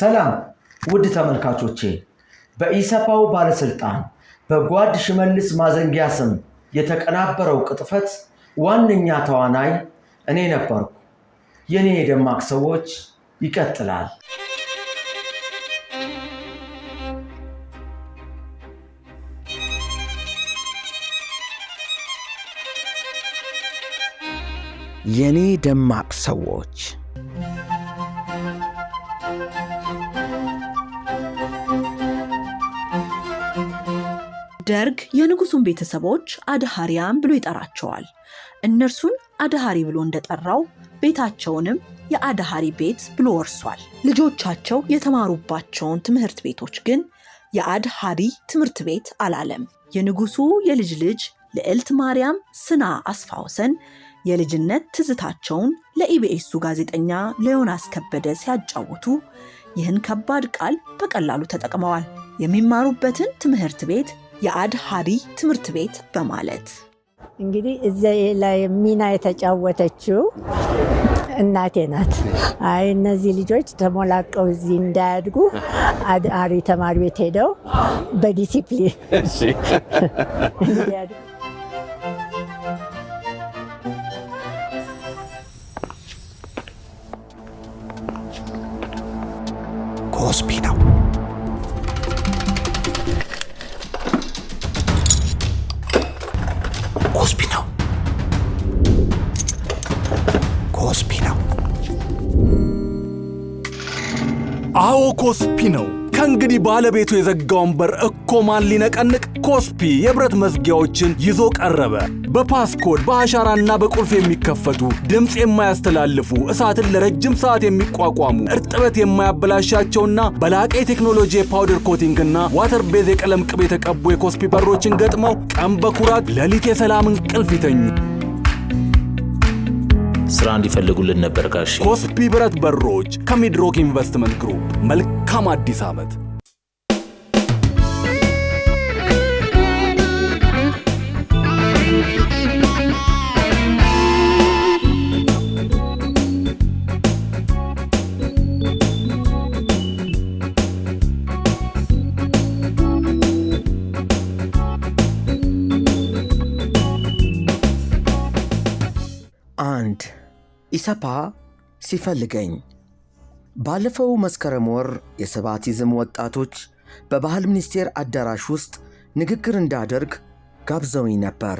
ሰላም ውድ ተመልካቾቼ፣ በኢሰፓው ባለስልጣን በጓድ ሽመልስ ማዘንጊያ ስም የተቀናበረው ቅጥፈት ዋነኛ ተዋናይ እኔ ነበርኩ። የእኔ የደማቅ ሰዎች ይቀጥላል። የእኔ ደማቅ ሰዎች ደርግ የንጉሱን ቤተሰቦች አድሃሪያን ብሎ ይጠራቸዋል። እነርሱን አድሃሪ ብሎ እንደጠራው ቤታቸውንም የአድሃሪ ቤት ብሎ ወርሷል። ልጆቻቸው የተማሩባቸውን ትምህርት ቤቶች ግን የአድሃሪ ትምህርት ቤት አላለም። የንጉሱ የልጅ ልጅ ልዕልት ማርያም ስና አስፋውሰን የልጅነት ትዝታቸውን ለኢቢኤሱ ጋዜጠኛ ለዮናስ ከበደ ሲያጫውቱ ይህን ከባድ ቃል በቀላሉ ተጠቅመዋል። የሚማሩበትን ትምህርት ቤት የአድሃሪ ትምህርት ቤት በማለት እንግዲህ እዚህ ላይ ሚና የተጫወተችው እናቴ ናት። አይ እነዚህ ልጆች ተሞላቀው እዚህ እንዳያድጉ አድሃሪ ተማሪ ቤት ሄደው በዲሲፕሊን ኮስፒ ነው። ኮስፒ ነው። አዎ ኮስፒ ነው። ከእንግዲህ ባለቤቱ የዘጋውን በር እኮ ማን ሊነቀንቅ? ኮስፒ የብረት መዝጊያዎችን ይዞ ቀረበ። በፓስኮድ በአሻራና በቁልፍ የሚከፈቱ ድምፅ የማያስተላልፉ እሳትን ለረጅም ሰዓት የሚቋቋሙ እርጥበት የማያበላሻቸውና በላቀ የቴክኖሎጂ የፓውደር ኮቲንግና ዋተር ቤዝ የቀለም ቅብ የተቀቡ የኮስፒ በሮችን ገጥመው ቀን በኩራት ሌሊት የሰላም እንቅልፍ ይተኙ። ስራ እንዲፈልጉልን ነበር ጋሽ ኮስፒ ብረት በሮች ከሚድሮክ ኢንቨስትመንት ግሩፕ። መልካም አዲስ ዓመት። ኢሰፓ ሲፈልገኝ ባለፈው መስከረም ወር የሰባቲዝም ወጣቶች በባህል ሚኒስቴር አዳራሽ ውስጥ ንግግር እንዳደርግ ጋብዘውኝ ነበር።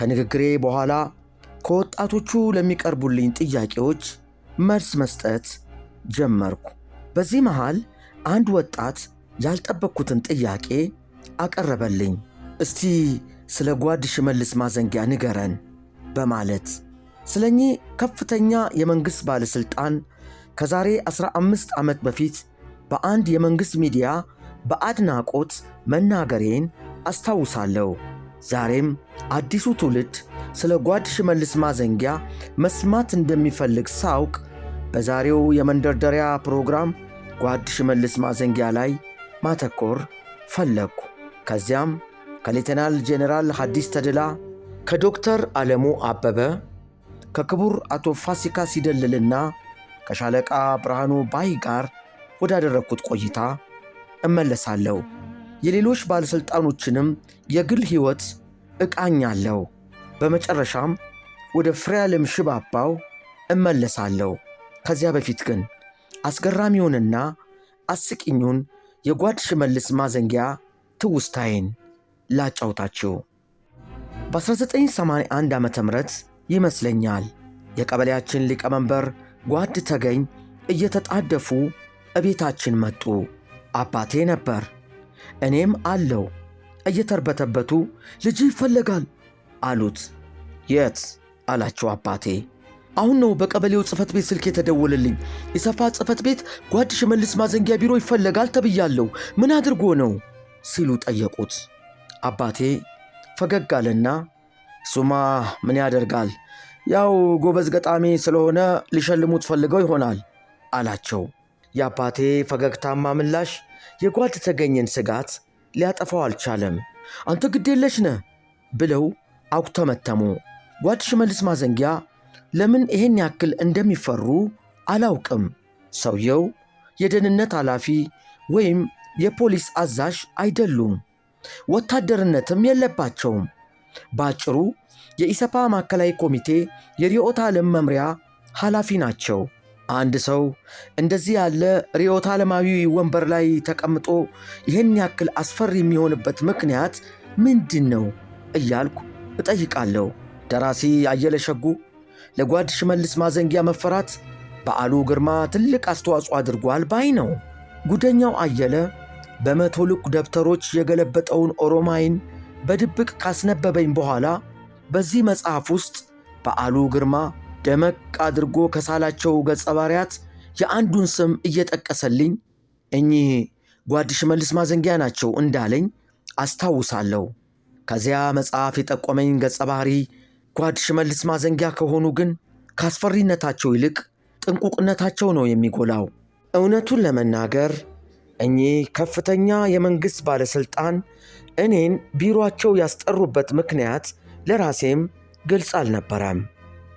ከንግግሬ በኋላ ከወጣቶቹ ለሚቀርቡልኝ ጥያቄዎች መልስ መስጠት ጀመርኩ። በዚህ መሃል አንድ ወጣት ያልጠበቅኩትን ጥያቄ አቀረበልኝ። እስቲ ስለ ጓድ ሽመልስ ማዘንጊያ ንገረን በማለት ስለ እኚህ ከፍተኛ የመንግሥት ባለሥልጣን ከዛሬ 15 ዓመት በፊት በአንድ የመንግሥት ሚዲያ በአድናቆት መናገሬን አስታውሳለሁ። ዛሬም አዲሱ ትውልድ ስለ ጓድ ሽመልስ ማዘንጊያ መስማት እንደሚፈልግ ሳውቅ በዛሬው የመንደርደሪያ ፕሮግራም ጓድ ሽመልስ ማዘንጊያ ላይ ማተኮር ፈለግኩ። ከዚያም ከሌተናል ጄኔራል ሐዲስ ተድላ፣ ከዶክተር ዓለሙ አበበ ከክቡር አቶ ፋሲካ ሲደልልና ከሻለቃ ብርሃኑ ባይ ጋር ወዳደረግኩት ቆይታ እመለሳለሁ። የሌሎች ባለሥልጣኖችንም የግል ሕይወት እቃኛለሁ። በመጨረሻም ወደ ፍሬያለም ሽባባው እመለሳለሁ። ከዚያ በፊት ግን አስገራሚውንና አስቂኙን የጓድ ሽመልስ ማዘንጊያ ትውስታዬን ላጫውታችሁ። በ1981 ዓ ም ይመስለኛል። የቀበሌያችን ሊቀመንበር ጓድ ተገኝ እየተጣደፉ እቤታችን መጡ። አባቴ ነበር፣ እኔም አለው። እየተርበተበቱ ልጅ ይፈለጋል አሉት። የት አላቸው አባቴ። አሁን ነው በቀበሌው ጽህፈት ቤት ስልክ የተደወለልኝ። የሰፋ ጽህፈት ቤት ጓድ ሽመልስ ማዘንጊያ ቢሮ ይፈለጋል ተብያለሁ። ምን አድርጎ ነው ሲሉ ጠየቁት። አባቴ ፈገግ አለና እሱማ ምን ያደርጋል፣ ያው ጎበዝ ገጣሚ ስለሆነ ሊሸልሙት ፈልገው ይሆናል አላቸው። የአባቴ ፈገግታማ ምላሽ የጓድ ተገኘን ስጋት ሊያጠፋው አልቻለም። አንተ ግዴለሽ ነህ ብለው አኩተመተሙ። ጓድ ሽመልስ ማዘንጊያ ለምን ይህን ያክል እንደሚፈሩ አላውቅም። ሰውየው የደህንነት ኃላፊ ወይም የፖሊስ አዛዥ አይደሉም፣ ወታደርነትም የለባቸውም። በአጭሩ የኢሰፓ ማዕከላዊ ኮሚቴ የርዕዮተ ዓለም መምሪያ ኃላፊ ናቸው። አንድ ሰው እንደዚህ ያለ ርዕዮተ ዓለማዊ ወንበር ላይ ተቀምጦ ይህን ያክል አስፈሪ የሚሆንበት ምክንያት ምንድን ነው እያልኩ እጠይቃለሁ። ደራሲ አየለ ሸጉ ለጓድ ሽመልስ ማዘንጊያ መፈራት በዓሉ ግርማ ትልቅ አስተዋጽኦ አድርጓል ባይ ነው። ጉደኛው አየለ በመቶ ልክ ደብተሮች የገለበጠውን ኦሮማይን በድብቅ ካስነበበኝ በኋላ በዚህ መጽሐፍ ውስጥ በዓሉ ግርማ ደመቅ አድርጎ ከሳላቸው ገጸ ባሪያት የአንዱን ስም እየጠቀሰልኝ እኚህ ጓድ ሽመልስ ማዘንጊያ ናቸው እንዳለኝ አስታውሳለሁ። ከዚያ መጽሐፍ የጠቆመኝ ገጸ ባሕሪ ጓድ ሽመልስ ማዘንጊያ ከሆኑ ግን ከአስፈሪነታቸው ይልቅ ጥንቁቅነታቸው ነው የሚጎላው። እውነቱን ለመናገር እኚህ ከፍተኛ የመንግሥት ባለሥልጣን እኔን ቢሮአቸው ያስጠሩበት ምክንያት ለራሴም ግልጽ አልነበረም።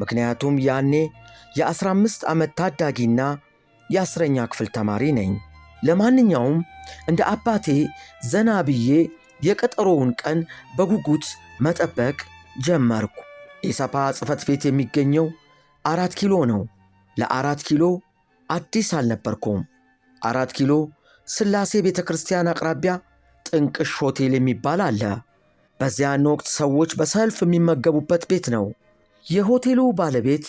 ምክንያቱም ያኔ የ15 ዓመት ታዳጊና የአስረኛ ክፍል ተማሪ ነኝ። ለማንኛውም እንደ አባቴ ዘና ብዬ የቀጠሮውን ቀን በጉጉት መጠበቅ ጀመርኩ። የሰፓ ጽህፈት ቤት የሚገኘው አራት ኪሎ ነው። ለአራት ኪሎ አዲስ አልነበርኩም። አራት ኪሎ ስላሴ ቤተ ክርስቲያን አቅራቢያ ጥንቅሽ ሆቴል የሚባል አለ። በዚያን ወቅት ሰዎች በሰልፍ የሚመገቡበት ቤት ነው። የሆቴሉ ባለቤት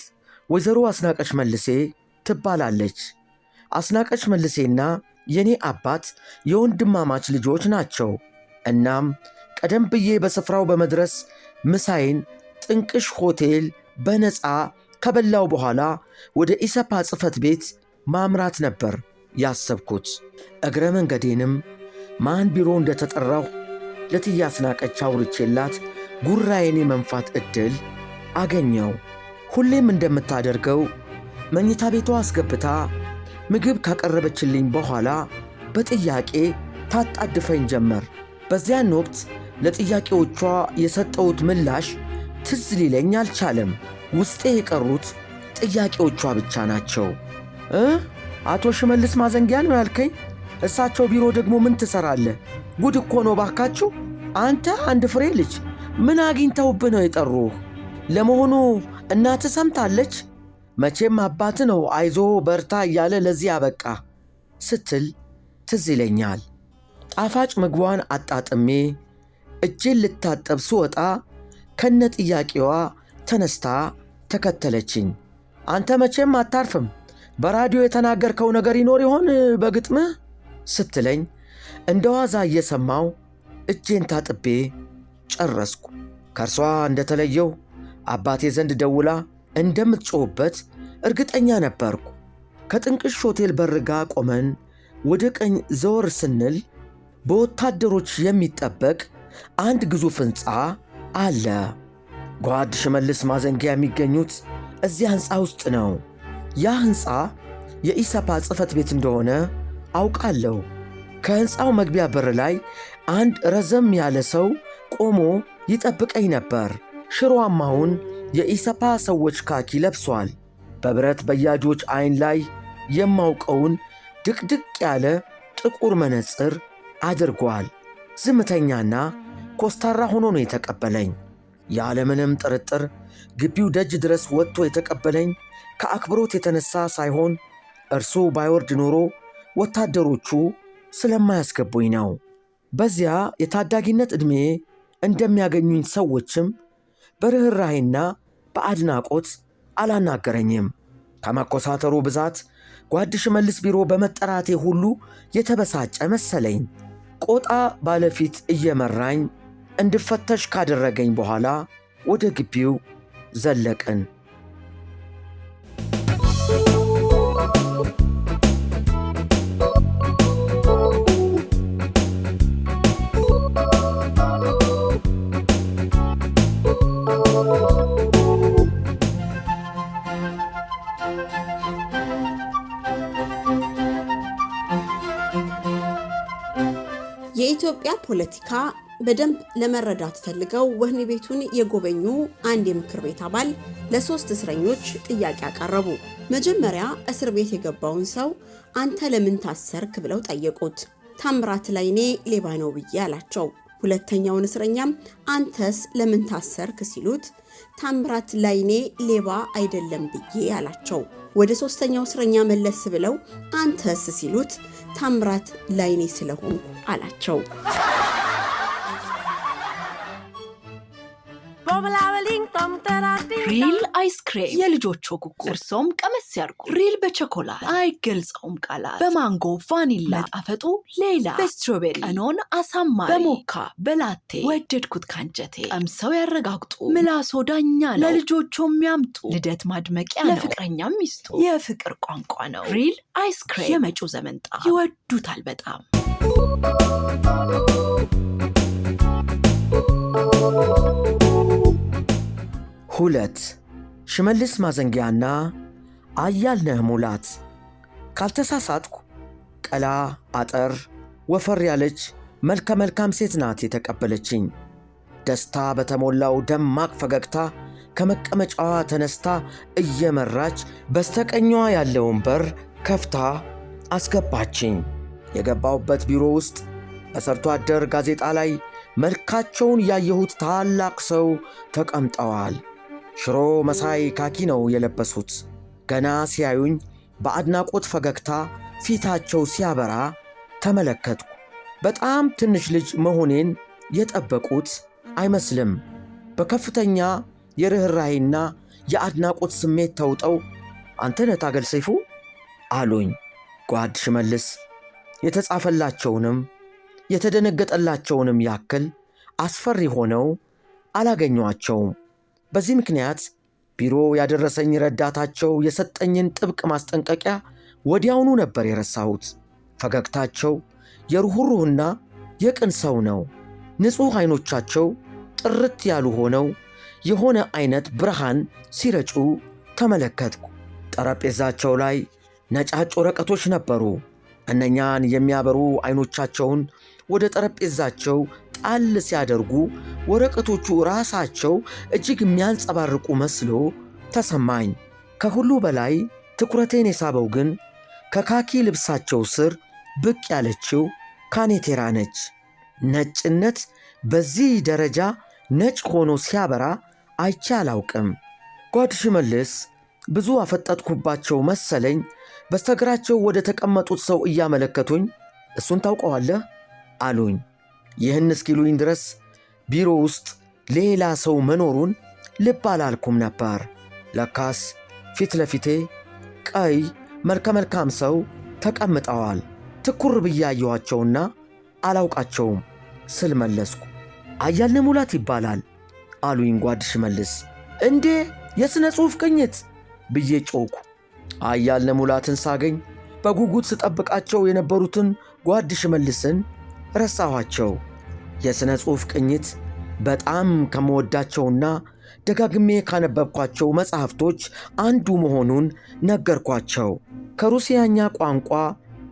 ወይዘሮ አስናቀች መልሴ ትባላለች። አስናቀች መልሴና የኔ አባት የወንድማማች ልጆች ናቸው። እናም ቀደም ብዬ በስፍራው በመድረስ ምሳይን ጥንቅሽ ሆቴል በነፃ ከበላው በኋላ ወደ ኢሰፓ ጽህፈት ቤት ማምራት ነበር ያሰብኩት። እግረ መንገዴንም ማን ቢሮ እንደተጠራሁ ለእትዬ አስናቀች አውርቼላት ጉራዬን የመንፋት ዕድል አገኘው። ሁሌም እንደምታደርገው መኝታ ቤቷ አስገብታ ምግብ ካቀረበችልኝ በኋላ በጥያቄ ታጣድፈኝ ጀመር። በዚያን ወቅት ለጥያቄዎቿ የሰጠሁት ምላሽ ትዝ ሊለኝ አልቻለም። ውስጤ የቀሩት ጥያቄዎቿ ብቻ ናቸው። እ አቶ ሽመልስ ማዘንጊያ ነው ያልከኝ እሳቸው ቢሮ ደግሞ ምን ትሰራለህ? ጉድ እኮ ነው ባካችሁ። አንተ አንድ ፍሬ ልጅ ምን አግኝተውብህ ነው የጠሩህ? ለመሆኑ እናትህ ሰምታለች? መቼም አባት ነው አይዞ በርታ እያለ ለዚህ አበቃ ስትል ትዝ ይለኛል። ጣፋጭ ምግቧን አጣጥሜ እጄን ልታጠብ ስወጣ ከነ ጥያቄዋ ተነስታ ተከተለችኝ። አንተ መቼም አታርፍም፣ በራዲዮ የተናገርከው ነገር ይኖር ይሆን በግጥምህ? ስትለኝ እንደ ዋዛ እየሰማው እጄን ታጥቤ ጨረስኩ። ከእርሷ እንደተለየው አባቴ ዘንድ ደውላ እንደምትጮውበት እርግጠኛ ነበርኩ። ከጥንቅሽ ሆቴል በር ጋ ቆመን ወደ ቀኝ ዘወር ስንል በወታደሮች የሚጠበቅ አንድ ግዙፍ ሕንፃ አለ። ጓድ ሽመልስ ማዘንጊያ የሚገኙት እዚያ ሕንፃ ውስጥ ነው። ያ ሕንፃ የኢሰፓ ጽሕፈት ቤት እንደሆነ አውቃለሁ። ከሕንፃው መግቢያ በር ላይ አንድ ረዘም ያለ ሰው ቆሞ ይጠብቀኝ ነበር። ሽሮአማውን የኢሰፓ ሰዎች ካኪ ለብሷል። በብረት በያጆች ዐይን ላይ የማውቀውን ድቅድቅ ያለ ጥቁር መነጽር አድርጓል። ዝምተኛና ኮስታራ ሆኖ ነው የተቀበለኝ። ያለምንም ጥርጥር ግቢው ደጅ ድረስ ወጥቶ የተቀበለኝ ከአክብሮት የተነሳ ሳይሆን እርሱ ባይወርድ ኖሮ ወታደሮቹ ስለማያስገቡኝ ነው። በዚያ የታዳጊነት ዕድሜ እንደሚያገኙኝ ሰዎችም በርኅራሄና በአድናቆት አላናገረኝም። ከመኮሳተሩ ብዛት ጓድ ሽመልስ ቢሮ በመጠራቴ ሁሉ የተበሳጨ መሰለኝ። ቆጣ ባለፊት እየመራኝ እንድፈተሽ ካደረገኝ በኋላ ወደ ግቢው ዘለቅን። የኢትዮጵያ ፖለቲካ በደንብ ለመረዳት ፈልገው ወህኒ ቤቱን የጎበኙ አንድ የምክር ቤት አባል ለሶስት እስረኞች ጥያቄ አቀረቡ። መጀመሪያ እስር ቤት የገባውን ሰው አንተ ለምን ታሰርክ ብለው ጠየቁት። ታምራት ላይኔ ሌባ ነው ብዬ አላቸው። ሁለተኛውን እስረኛም አንተስ ለምን ታሰርክ ሲሉት ታምራት ላይኔ ሌባ አይደለም ብዬ አላቸው። ወደ ሶስተኛው እስረኛ መለስ ብለው አንተስ ሲሉት ታምራት ላይኔ ስለሆንኩ አላቸው። ሪል አይስክሬም የልጆቹ ኩኩ እርሶም ቀመስ ያርጉ። ሪል በቸኮላት አይገልጸውም ቃላት፣ በማንጎ ቫኒላ ጣፈጡ ሌላ፣ በስትሮቤሪ ቀኖን አሳማሪ፣ በሞካ በላቴ ወደድኩት ካንጀቴ። ቀምሰው ያረጋግጡ፣ ምላሶ ዳኛ ነው። ለልጆቹ የሚያምጡ ልደት ማድመቂያ ነው፣ ለፍቅረኛ ሚስቱ የፍቅር ቋንቋ ነው። ሪል አይስክሬም የመጪው ዘመንጣ ይወዱታል በጣም። Thank you. ሁለት ሽመልስ ማዘንጊያና አያልነህ ሙላት ካልተሳሳትኩ ቀላ አጠር ወፈር ያለች መልከ መልካም ሴት ናት የተቀበለችኝ። ደስታ በተሞላው ደማቅ ፈገግታ ከመቀመጫዋ ተነስታ እየመራች በስተቀኟ ያለውን በር ከፍታ አስገባችኝ። የገባውበት ቢሮ ውስጥ በሰርቶ አደር ጋዜጣ ላይ መልካቸውን ያየሁት ታላቅ ሰው ተቀምጠዋል። ሽሮ መሳይ ካኪ ነው የለበሱት። ገና ሲያዩኝ በአድናቆት ፈገግታ ፊታቸው ሲያበራ ተመለከትኩ። በጣም ትንሽ ልጅ መሆኔን የጠበቁት አይመስልም። በከፍተኛ የርኅራሄና የአድናቆት ስሜት ተውጠው አንተነህ ታገል ሰይፉ አሉኝ። ጓድ ሽመልስ የተጻፈላቸውንም የተደነገጠላቸውንም ያክል አስፈሪ ሆነው አላገኟቸውም። በዚህ ምክንያት ቢሮ ያደረሰኝ ረዳታቸው የሰጠኝን ጥብቅ ማስጠንቀቂያ ወዲያውኑ ነበር የረሳሁት። ፈገግታቸው የሩኅሩህና የቅን ሰው ነው። ንጹሕ ዐይኖቻቸው ጥርት ያሉ ሆነው የሆነ ዐይነት ብርሃን ሲረጩ ተመለከትኩ። ጠረጴዛቸው ላይ ነጫጭ ወረቀቶች ነበሩ። እነኛን የሚያበሩ ዐይኖቻቸውን ወደ ጠረጴዛቸው ጣል ሲያደርጉ ወረቀቶቹ ራሳቸው እጅግ የሚያንጸባርቁ መስሎ ተሰማኝ። ከሁሉ በላይ ትኩረቴን የሳበው ግን ከካኪ ልብሳቸው ስር ብቅ ያለችው ካኔቴራ ነች። ነጭነት በዚህ ደረጃ ነጭ ሆኖ ሲያበራ አይቼ አላውቅም። ጓድ ሽመልስ ብዙ አፈጠጥኩባቸው መሰለኝ። በስተግራቸው ወደ ተቀመጡት ሰው እያመለከቱኝ እሱን ታውቀዋለህ አሉኝ። ይህን እስኪሉኝ ድረስ ቢሮ ውስጥ ሌላ ሰው መኖሩን ልብ አላልኩም ነበር። ለካስ ፊት ለፊቴ ቀይ መልከ መልካም ሰው ተቀምጠዋል። ትኩር ብያየኋቸውና አላውቃቸውም ስል መለስኩ። አያልን ሙላት ይባላል አሉኝ ጓድ ሽመልስ። እንዴ የሥነ ጽሑፍ ቅኝት ብዬ ጮኩ። አያልነ ሙላትን ሳገኝ በጉጉት ስጠብቃቸው የነበሩትን ጓድ ሽመልስን ረሳኋቸው። የሥነ ጽሑፍ ቅኝት በጣም ከመወዳቸውና ደጋግሜ ካነበብኳቸው መጽሐፍቶች አንዱ መሆኑን ነገርኳቸው። ከሩሲያኛ ቋንቋ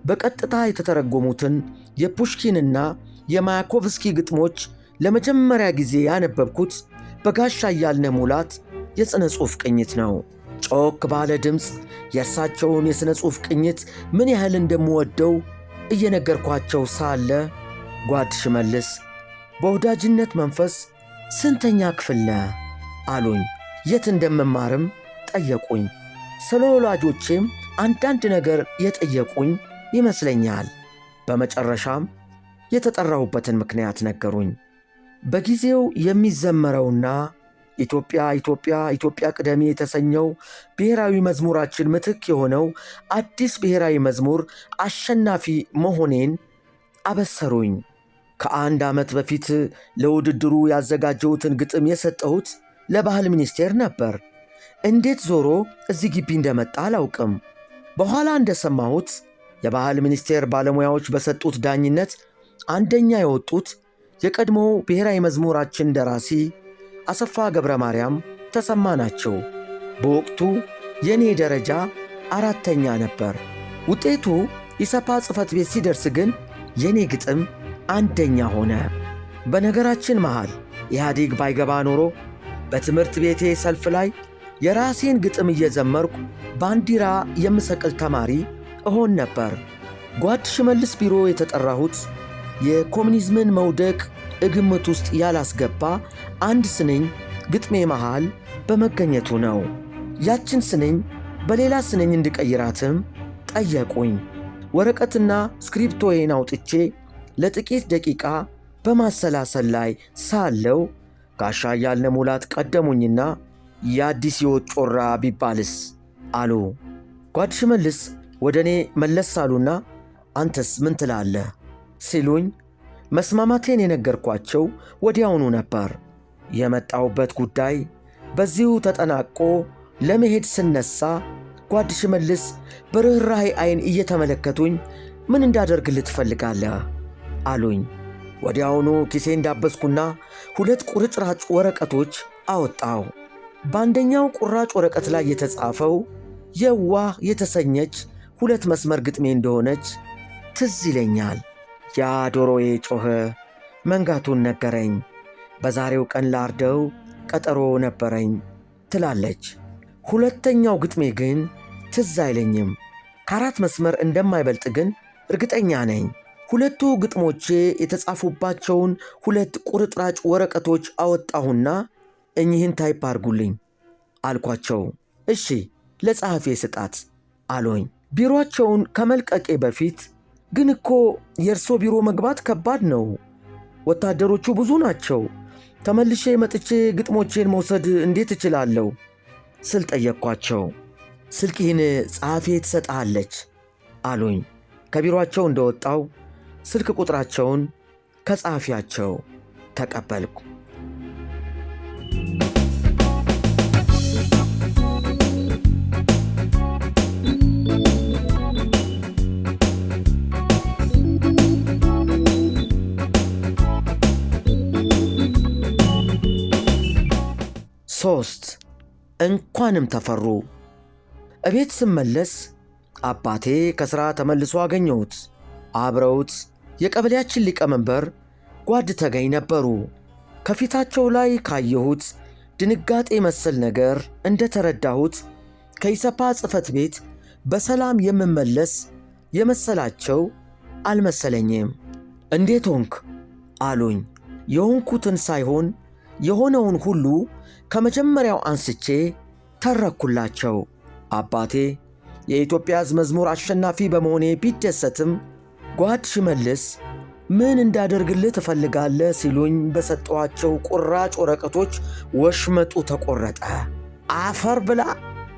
በቀጥታ የተተረጎሙትን የፑሽኪንና የማያኮቭስኪ ግጥሞች ለመጀመሪያ ጊዜ ያነበብኩት በጋሻ እያልነ ሙላት የሥነ ጽሑፍ ቅኝት ነው። ጮክ ባለ ድምፅ የእርሳቸውን የሥነ ጽሑፍ ቅኝት ምን ያህል እንደምወደው እየነገርኳቸው ሳለ ጓድ ሽመልስ በወዳጅነት መንፈስ ስንተኛ ክፍል ነህ አሉኝ። የት እንደምማርም ጠየቁኝ። ስለ ወላጆቼም አንዳንድ ነገር የጠየቁኝ ይመስለኛል። በመጨረሻም የተጠራሁበትን ምክንያት ነገሩኝ። በጊዜው የሚዘመረውና ኢትዮጵያ ኢትዮጵያ ኢትዮጵያ ቅደሜ የተሰኘው ብሔራዊ መዝሙራችን ምትክ የሆነው አዲስ ብሔራዊ መዝሙር አሸናፊ መሆኔን አበሰሩኝ። ከአንድ ዓመት በፊት ለውድድሩ ያዘጋጀሁትን ግጥም የሰጠሁት ለባህል ሚኒስቴር ነበር። እንዴት ዞሮ እዚህ ግቢ እንደመጣ አላውቅም። በኋላ እንደሰማሁት የባህል ሚኒስቴር ባለሙያዎች በሰጡት ዳኝነት አንደኛ የወጡት የቀድሞ ብሔራዊ መዝሙራችን ደራሲ አሰፋ ገብረ ማርያም ተሰማ ናቸው። በወቅቱ የእኔ ደረጃ አራተኛ ነበር። ውጤቱ ኢሰፓ ጽሕፈት ቤት ሲደርስ ግን የእኔ ግጥም አንደኛ ሆነ። በነገራችን መሃል ኢህአዴግ ባይገባ ኖሮ በትምህርት ቤቴ ሰልፍ ላይ የራሴን ግጥም እየዘመርኩ ባንዲራ የምሰቅል ተማሪ እሆን ነበር። ጓድ ሽመልስ ቢሮ የተጠራሁት የኮሚኒዝምን መውደቅ እግምት ውስጥ ያላስገባ አንድ ስንኝ ግጥሜ መሃል በመገኘቱ ነው። ያችን ስንኝ በሌላ ስንኝ እንድቀይራትም ጠየቁኝ። ወረቀትና ስክሪፕቶዬን አውጥቼ ለጥቂት ደቂቃ በማሰላሰል ላይ ሳለው ጋሻ ያልነ ሙላት ቀደሙኝና የአዲስ ሕይወት ጮራ ቢባልስ አሉ። ጓድ ሽመልስ ወደ እኔ መለስ አሉና አንተስ ምን ትላለህ ሲሉኝ መስማማቴን የነገርኳቸው ወዲያውኑ ነበር። የመጣውበት ጉዳይ በዚሁ ተጠናቆ ለመሄድ ስነሳ ጓድ ሽመልስ በርኅራኄ ዐይን እየተመለከቱኝ ምን እንዳደርግልህ ትፈልጋለህ አሉኝ። ወዲያውኑ ኪሴ እንዳበስኩና ሁለት ቁርጥራጭ ወረቀቶች አወጣው። በአንደኛው ቁራጭ ወረቀት ላይ የተጻፈው የዋህ የተሰኘች ሁለት መስመር ግጥሜ እንደሆነች ትዝ ይለኛል። ያ ዶሮዬ ጮኸ፣ መንጋቱን ነገረኝ፣ በዛሬው ቀን ላርደው ቀጠሮ ነበረኝ ትላለች። ሁለተኛው ግጥሜ ግን ትዝ አይለኝም። ከአራት መስመር እንደማይበልጥ ግን እርግጠኛ ነኝ። ሁለቱ ግጥሞቼ የተጻፉባቸውን ሁለት ቁርጥራጭ ወረቀቶች አወጣሁና እኚህን ታይፕ አርጉልኝ አልኳቸው። እሺ ለጸሐፌ ስጣት አሎኝ። ቢሮአቸውን ከመልቀቄ በፊት ግን እኮ የእርሶ ቢሮ መግባት ከባድ ነው፣ ወታደሮቹ ብዙ ናቸው፣ ተመልሼ መጥቼ ግጥሞቼን መውሰድ እንዴት እችላለሁ ስል ጠየቅኳቸው። ስልክህን ጸሐፌ ትሰጥሃለች አሉኝ። ከቢሮአቸው እንደወጣው ስልክ ቁጥራቸውን ከጸሐፊያቸው ተቀበልኩ። ሶስት እንኳንም ተፈሩ። እቤት ስመለስ አባቴ ከሥራ ተመልሶ አገኘሁት። አብረውት የቀበሌያችን ሊቀመንበር ጓድ ተገኝ ነበሩ። ከፊታቸው ላይ ካየሁት ድንጋጤ መሰል ነገር እንደተረዳሁት ከኢሰፓ ጽህፈት ቤት በሰላም የምመለስ የመሰላቸው አልመሰለኝም። እንዴት ሆንክ አሉኝ። የሆንኩትን ሳይሆን የሆነውን ሁሉ ከመጀመሪያው አንስቼ ተረኩላቸው። አባቴ የኢትዮጵያ ሕዝብ መዝሙር አሸናፊ በመሆኔ ቢደሰትም ጓድ ሽመልስ ምን እንዳደርግልህ ትፈልጋለህ ሲሉኝ በሰጠኋቸው ቁራጭ ወረቀቶች ወሽመጡ ተቆረጠ። አፈር ብላ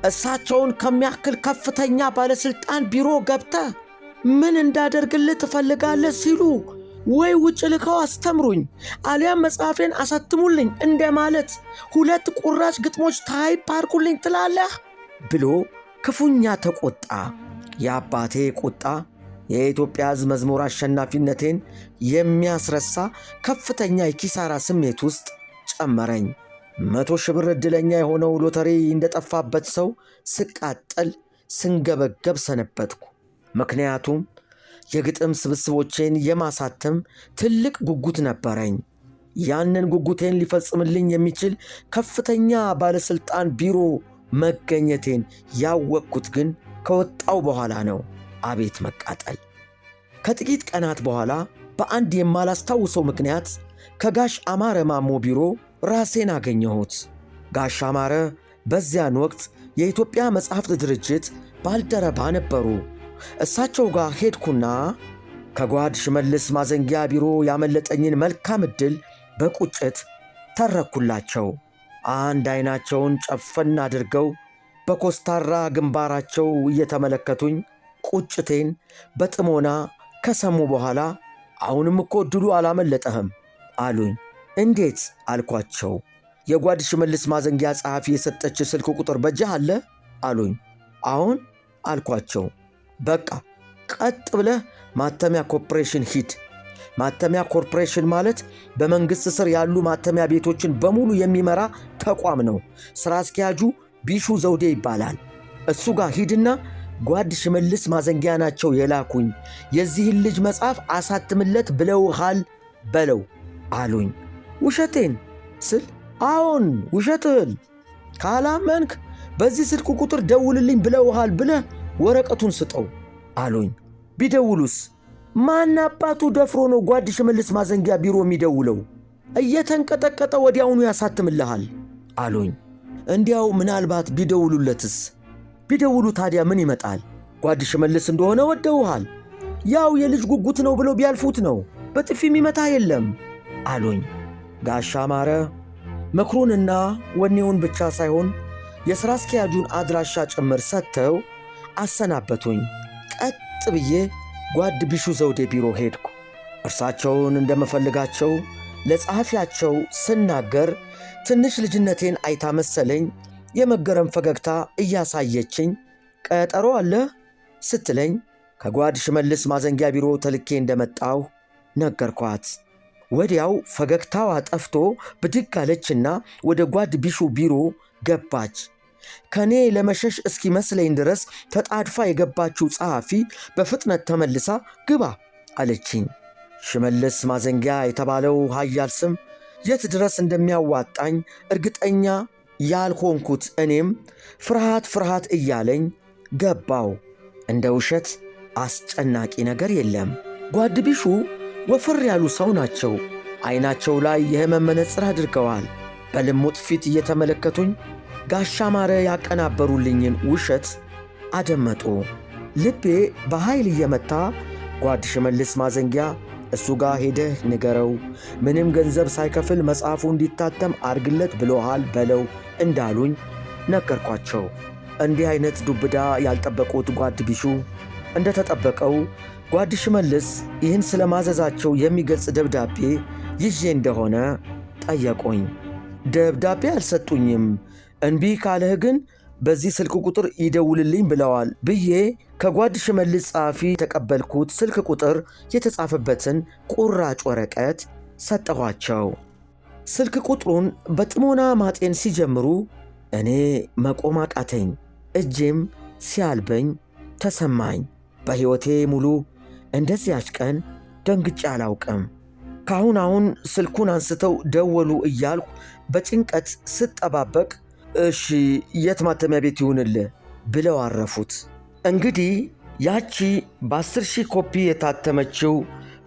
እሳቸውን ከሚያክል ከፍተኛ ባለሥልጣን ቢሮ ገብተህ ምን እንዳደርግልህ ትፈልጋለህ ሲሉ ወይ ውጭ ልከው አስተምሩኝ አሊያም መጽሐፌን አሳትሙልኝ እንደ ማለት ሁለት ቁራጭ ግጥሞች ታይፕ አድርጉልኝ ትላለህ ብሎ ክፉኛ ተቆጣ። የአባቴ ቁጣ የኢትዮጵያ ሕዝብ መዝሙር አሸናፊነቴን የሚያስረሳ ከፍተኛ የኪሳራ ስሜት ውስጥ ጨመረኝ። መቶ ሺህ ብር ዕድለኛ የሆነው ሎተሪ እንደጠፋበት ሰው ስቃጠል፣ ስንገበገብ ሰነበትኩ። ምክንያቱም የግጥም ስብስቦቼን የማሳተም ትልቅ ጉጉት ነበረኝ። ያንን ጉጉቴን ሊፈጽምልኝ የሚችል ከፍተኛ ባለሥልጣን ቢሮ መገኘቴን ያወቅኩት ግን ከወጣው በኋላ ነው። አቤት መቃጠል! ከጥቂት ቀናት በኋላ በአንድ የማላስታውሰው ምክንያት ከጋሽ አማረ ማሞ ቢሮ ራሴን አገኘሁት። ጋሽ አማረ በዚያን ወቅት የኢትዮጵያ መጽሐፍት ድርጅት ባልደረባ ነበሩ። እሳቸው ጋር ሄድኩና ከጓድ ሽመልስ ማዘንጊያ ቢሮ ያመለጠኝን መልካም ዕድል በቁጭት ተረኩላቸው። አንድ ዐይናቸውን ጨፈን አድርገው በኮስታራ ግንባራቸው እየተመለከቱኝ ቁጭቴን በጥሞና ከሰሙ በኋላ አሁንም እኮ ድሉ አላመለጠህም አሉኝ። እንዴት አልኳቸው። የጓድ ሽመልስ ማዘንጊያ ጸሐፊ የሰጠች ስልክ ቁጥር በእጅህ አለ አሉኝ። አሁን አልኳቸው። በቃ ቀጥ ብለህ ማተሚያ ኮርፖሬሽን ሂድ። ማተሚያ ኮርፖሬሽን ማለት በመንግሥት ስር ያሉ ማተሚያ ቤቶችን በሙሉ የሚመራ ተቋም ነው። ሥራ አስኪያጁ ቢሹ ዘውዴ ይባላል። እሱ ጋር ሂድና ጓድ ሽመልስ ማዘንጊያ ናቸው የላኩኝ። የዚህን ልጅ መጽሐፍ አሳትምለት ብለውሃል በለው አሉኝ። ውሸቴን ስል አዎን ውሸትህን ካላመንክ በዚህ ስልክ ቁጥር ደውልልኝ ብለውሃል ብለህ ወረቀቱን ስጠው አሉኝ። ቢደውሉስ? ማን አባቱ ደፍሮ ነው ጓድ ሽመልስ ማዘንጊያ ቢሮ የሚደውለው? እየተንቀጠቀጠ ወዲያውኑ ያሳትምልሃል አሉኝ። እንዲያው ምናልባት ቢደውሉለትስ ቢደውሉ ታዲያ ምን ይመጣል? ጓድ ሽመልስ እንደሆነ ወደውሃል፣ ያው የልጅ ጉጉት ነው ብለው ቢያልፉት ነው፣ በጥፊ የሚመታ የለም አሉኝ። ጋሻ ማረ ምክሩንና ወኔውን ብቻ ሳይሆን የሥራ አስኪያጁን አድራሻ ጭምር ሰጥተው አሰናበቱኝ። ቀጥ ብዬ ጓድ ቢሹ ዘውዴ ቢሮ ሄድኩ። እርሳቸውን እንደምፈልጋቸው ለጸሐፊያቸው ስናገር ትንሽ ልጅነቴን አይታ መሰለኝ የመገረም ፈገግታ እያሳየችኝ ቀጠሮ አለ ስትለኝ ከጓድ ሽመልስ ማዘንጊያ ቢሮ ተልኬ እንደመጣሁ ነገርኳት። ወዲያው ፈገግታዋ ጠፍቶ ብድግ አለችና ወደ ጓድ ቢሹ ቢሮ ገባች። ከእኔ ለመሸሽ እስኪመስለኝ ድረስ ተጣድፋ የገባችው ጸሐፊ በፍጥነት ተመልሳ ግባ አለችኝ። ሽመልስ ማዘንጊያ የተባለው ሀያል ስም የት ድረስ እንደሚያዋጣኝ እርግጠኛ ያልሆንኩት እኔም ፍርሃት ፍርሃት እያለኝ ገባው። እንደ ውሸት አስጨናቂ ነገር የለም። ጓድቢሹ ወፈር ያሉ ሰው ናቸው። ዐይናቸው ላይ የሕመም መነጽር አድርገዋል። በልሙጥ ፊት እየተመለከቱኝ ጋሻ ማረ ያቀናበሩልኝን ውሸት አደመጡ። ልቤ በኃይል እየመታ ጓድ ሽመልስ ማዘንጊያ እሱ ጋር ሄደህ ንገረው፣ ምንም ገንዘብ ሳይከፍል መጽሐፉ እንዲታተም አርግለት ብሎሃል በለው እንዳሉኝ ነገርኳቸው። እንዲህ አይነት ዱብዳ ያልጠበቁት ጓድ ቢሹ እንደተጠበቀው ጓድ ሽመልስ ይህን ስለ ማዘዛቸው የሚገልጽ ደብዳቤ ይዤ እንደሆነ ጠየቁኝ። ደብዳቤ አልሰጡኝም። እንቢ ካለህ ግን በዚህ ስልክ ቁጥር ይደውልልኝ ብለዋል ብዬ ከጓድ ሽመልስ ጸሐፊ የተቀበልኩት ስልክ ቁጥር የተጻፈበትን ቁራጭ ወረቀት ሰጠኋቸው። ስልክ ቁጥሩን በጥሞና ማጤን ሲጀምሩ እኔ መቆም አቃተኝ፣ እጄም ሲያልበኝ ተሰማኝ። በሕይወቴ ሙሉ እንደዚያች ቀን ደንግጬ አላውቅም። ካሁን አሁን ስልኩን አንስተው ደወሉ እያልኩ በጭንቀት ስጠባበቅ እሺ የት ማተሚያ ቤት ይሁንልህ ብለው አረፉት። እንግዲህ ያቺ በአስር ሺህ ኮፒ የታተመችው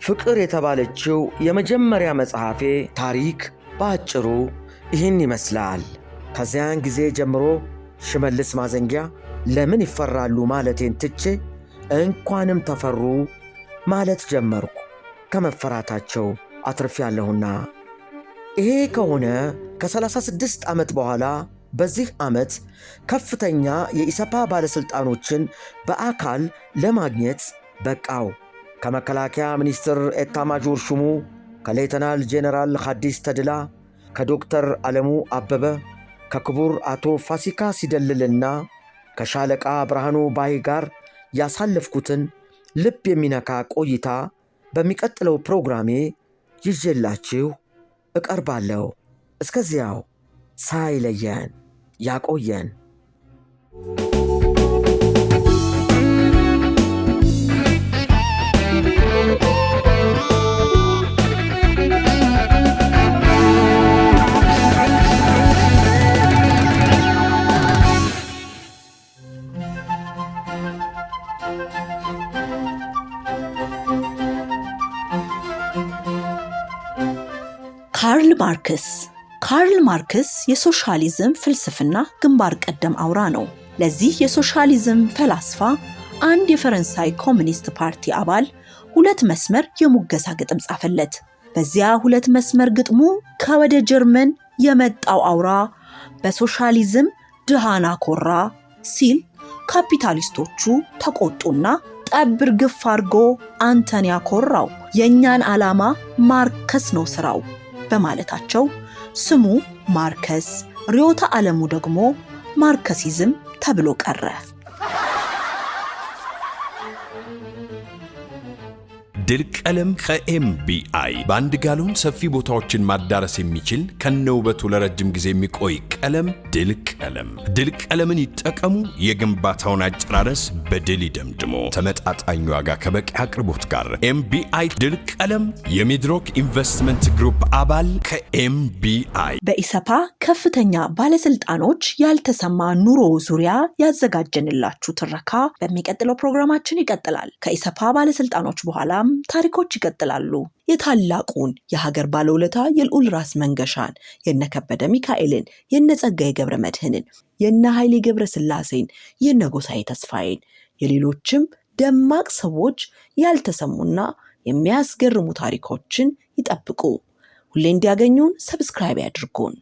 ፍቅር የተባለችው የመጀመሪያ መጽሐፌ ታሪክ በአጭሩ ይህን ይመስላል። ከዚያን ጊዜ ጀምሮ ሽመልስ ማዘንጊያ ለምን ይፈራሉ ማለቴን ትቼ እንኳንም ተፈሩ ማለት ጀመርኩ። ከመፈራታቸው ያለሁና ይሄ ከሆነ ከ36 ዓመት በኋላ በዚህ ዓመት ከፍተኛ የኢሰፓ ባለሥልጣኖችን በአካል ለማግኘት በቃው። ከመከላከያ ሚኒስትር ኤታማዦር ሹሙ ከሌተናል ጄኔራል ሐዲስ ተድላ፣ ከዶክተር ዓለሙ አበበ፣ ከክቡር አቶ ፋሲካ ሲደልልና ከሻለቃ ብርሃኑ ባይ ጋር ያሳለፍኩትን ልብ የሚነካ ቆይታ በሚቀጥለው ፕሮግራሜ ይዤላችሁ እቀርባለሁ። እስከዚያው ሳይለየን ያቆየን። ካርል ማርክስ ካርል ማርክስ የሶሻሊዝም ፍልስፍና ግንባር ቀደም አውራ ነው። ለዚህ የሶሻሊዝም ፈላስፋ አንድ የፈረንሳይ ኮሚኒስት ፓርቲ አባል ሁለት መስመር የሙገሳ ግጥም ጻፈለት። በዚያ ሁለት መስመር ግጥሙ ከወደ ጀርመን የመጣው አውራ በሶሻሊዝም ድሃና ኮራ ሲል ካፒታሊስቶቹ ተቆጡና ጠብር ግፍ አድርጎ አንተን ያኮራው የእኛን ዓላማ ማርከስ ነው ስራው በማለታቸው ስሙ ማርከስ ርዕዮተ ዓለሙ ደግሞ ማርከሲዝም ተብሎ ቀረ። ድል ቀለም ከኤምቢአይ በአንድ ጋሎን ሰፊ ቦታዎችን ማዳረስ የሚችል ከነውበቱ ለረጅም ጊዜ የሚቆይ ቀለም ድል ቀለም። ድል ቀለምን ይጠቀሙ። የግንባታውን አጨራረስ በድል ይደምድሞ። ተመጣጣኝ ዋጋ ከበቂ አቅርቦት ጋር ኤምቢአይ ድል ቀለም የሚድሮክ ኢንቨስትመንት ግሩፕ አባል ከኤምቢአይ በኢሰፓ ከፍተኛ ባለስልጣኖች ያልተሰማ ኑሮ ዙሪያ ያዘጋጀንላችሁ ትረካ በሚቀጥለው ፕሮግራማችን ይቀጥላል። ከኢሰፓ ባለስልጣኖች በኋላም ሌላም ታሪኮች ይቀጥላሉ። የታላቁን የሀገር ባለውለታ የልዑል ራስ መንገሻን፣ የነከበደ ሚካኤልን፣ የነ ጸጋዬ ገብረ የነ ኃይሌ ገብረ ስላሴን፣ የነ ጎሳዬ ተስፋዬን፣ የሌሎችም ደማቅ ሰዎች ያልተሰሙና የሚያስገርሙ ታሪኮችን ይጠብቁ። ሁሌ እንዲያገኙን ሰብስክራይብ ያድርጉን።